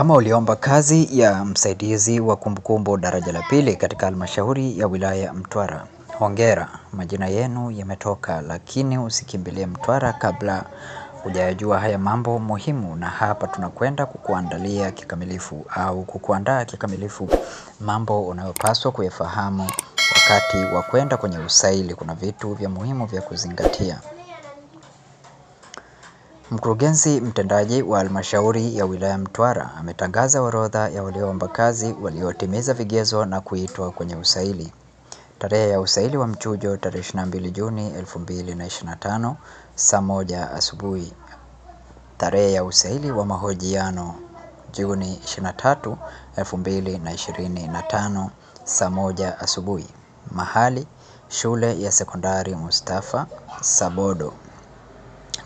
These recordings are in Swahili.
Kama uliomba kazi ya msaidizi wa kumbukumbu daraja la pili katika halmashauri ya wilaya Mtwara, hongera, majina yenu yametoka, lakini usikimbilie Mtwara kabla hujayajua haya mambo muhimu, na hapa tunakwenda kukuandalia kikamilifu au kukuandaa kikamilifu mambo unayopaswa kuyafahamu wakati wa kwenda kwenye usaili. Kuna vitu vya muhimu vya kuzingatia. Mkurugenzi mtendaji wa halmashauri ya wilaya Mtwara ametangaza orodha ya walioomba kazi waliotimiza vigezo na kuitwa kwenye usaili. Tarehe ya usaili wa mchujo tarehe 22 Juni 2025 saa moja asubuhi. Tarehe ya usaili wa mahojiano Juni 23 2025 saa moja asubuhi. Mahali shule ya sekondari Mustafa Sabodo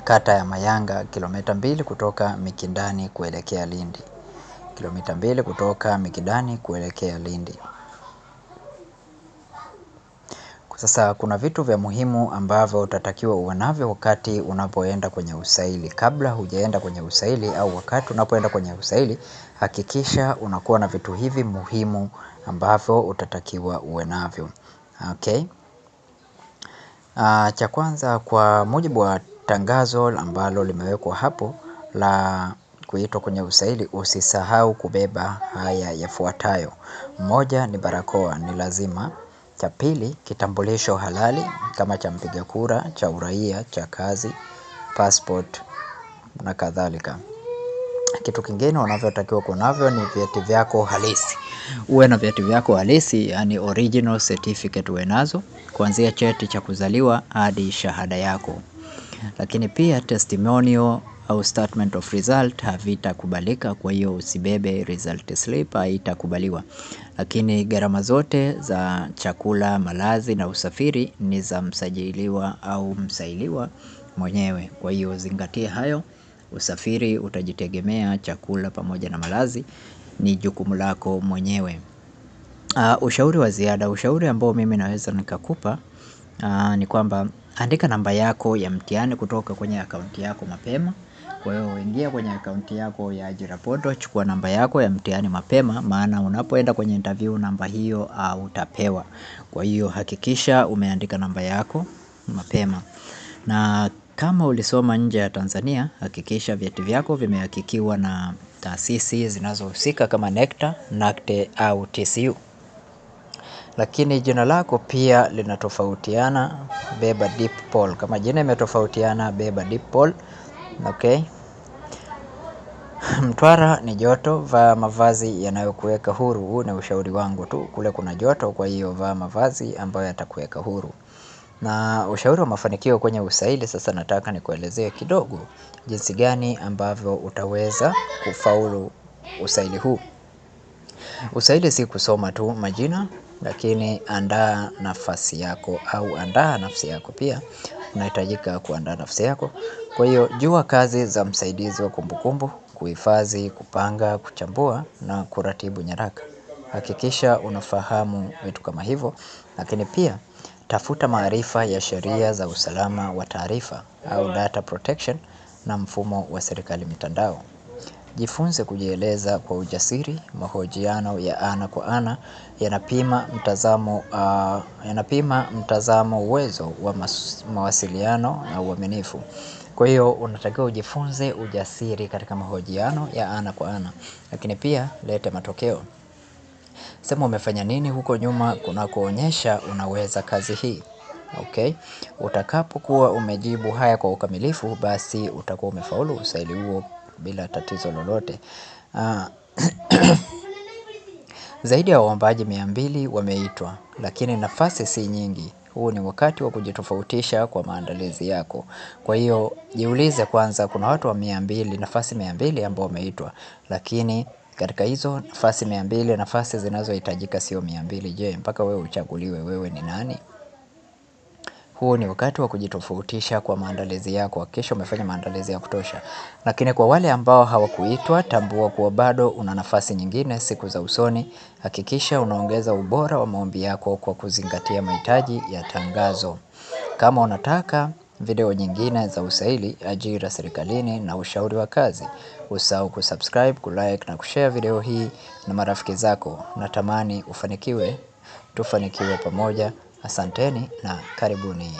kata ya Mayanga kilomita mbili kutoka Mikindani kuelekea Lindi. Kilomita mbili kutoka Mikindani kuelekea Lindi. Sasa kuna vitu vya muhimu ambavyo utatakiwa uwe navyo wakati unapoenda kwenye usaili. Kabla hujaenda kwenye usaili au wakati unapoenda kwenye usaili, hakikisha unakuwa na vitu hivi muhimu ambavyo utatakiwa uwe navyo. Okay. Uh, cha kwanza kwa mujibu wa tangazo ambalo limewekwa hapo la kuitwa kwenye usaili usisahau kubeba haya yafuatayo. Moja ni barakoa ni lazima. Cha pili kitambulisho halali kama cha mpiga kura, cha uraia, cha kazi, passport na kadhalika. Kitu kingine unavyotakiwa kunavyo ni vyeti vyako halisi. Uwe na vyeti vyako halisi, yani original certificate uwe nazo, kuanzia cheti cha kuzaliwa hadi shahada yako. Lakini pia testimonial au statement of result havitakubalika, kwa hiyo usibebe result slip, haitakubaliwa. Lakini gharama zote za chakula, malazi na usafiri ni za msajiliwa au msailiwa mwenyewe. Kwa hiyo zingatia hayo, usafiri utajitegemea, chakula pamoja na malazi ni jukumu lako mwenyewe. Ah, ushauri wa ziada, ushauri ambao mimi naweza nikakupa ah, ni kwamba Andika namba yako ya mtihani kutoka kwenye akaunti yako mapema Kwa hiyo ingia kwenye akaunti yako ya ajira portal chukua namba yako ya mtihani mapema Maana unapoenda kwenye interview namba hiyo ah, utapewa Kwa hiyo hakikisha umeandika namba yako mapema na kama ulisoma nje ya Tanzania hakikisha vyeti vyako vimehakikiwa na taasisi zinazohusika kama NECTA, NACTE au TCU lakini jina lako pia linatofautiana, beba deep Paul. Kama jina imetofautiana, beba deep Paul. Okay. Mtwara ni joto, vaa mavazi yanayokuweka huru. Huu ni ushauri wangu tu, kule kuna joto, kwa hiyo vaa mavazi ambayo yatakuweka huru. Na ushauri wa mafanikio kwenye usaili, sasa nataka nikuelezee kidogo jinsi gani ambavyo utaweza kufaulu usaili huu. Usaili si kusoma tu majina lakini andaa nafasi yako au andaa nafsi yako pia unahitajika kuandaa nafsi yako. Kwa hiyo jua kazi za msaidizi wa kumbukumbu, kuhifadhi, kupanga, kuchambua na kuratibu nyaraka. Hakikisha unafahamu vitu kama hivyo lakini pia tafuta maarifa ya sheria za usalama wa taarifa au data protection na mfumo wa serikali mitandao. Jifunze kujieleza kwa ujasiri, mahojiano ya ana kwa ana, yanapima mtazamo ah, uwezo wa mawasiliano na uaminifu. Kwa hiyo unatakiwa ujifunze ujasiri katika mahojiano ya ana kwa ana. Lakini pia lete matokeo. Sema umefanya nini huko nyuma kunakuonyesha unaweza kazi hii Utakapokuwa umejibu haya kwa ukamilifu basi utakuwa umefaulu usaili huo bila tatizo lolote ah, Zaidi ya waombaji mia mbili wameitwa Lakini nafasi si nyingi huu ni wakati wa kujitofautisha kwa maandalizi yako Kwa hiyo jiulize kwanza kuna watu wa mia mbili nafasi mia mbili ambao wameitwa Lakini katika hizo nafasi mia mbili nafasi zinazohitajika sio mia mbili je mpaka wewe uchaguliwe wewe ni nani? Huo ni wakati wa kujitofautisha kwa maandalizi yako, hakikisha umefanya maandalizi ya kutosha. Lakini kwa wale ambao hawakuitwa, tambua kuwa bado una nafasi nyingine siku za usoni. Hakikisha unaongeza ubora wa maombi yako kwa kuzingatia mahitaji ya tangazo. Kama unataka video nyingine za usaili, ajira serikalini na ushauri wa kazi, usahau kusubscribe, kulike na kushare video hii na marafiki zako. Natamani ufanikiwe, tufanikiwe pamoja. Asanteni na karibuni.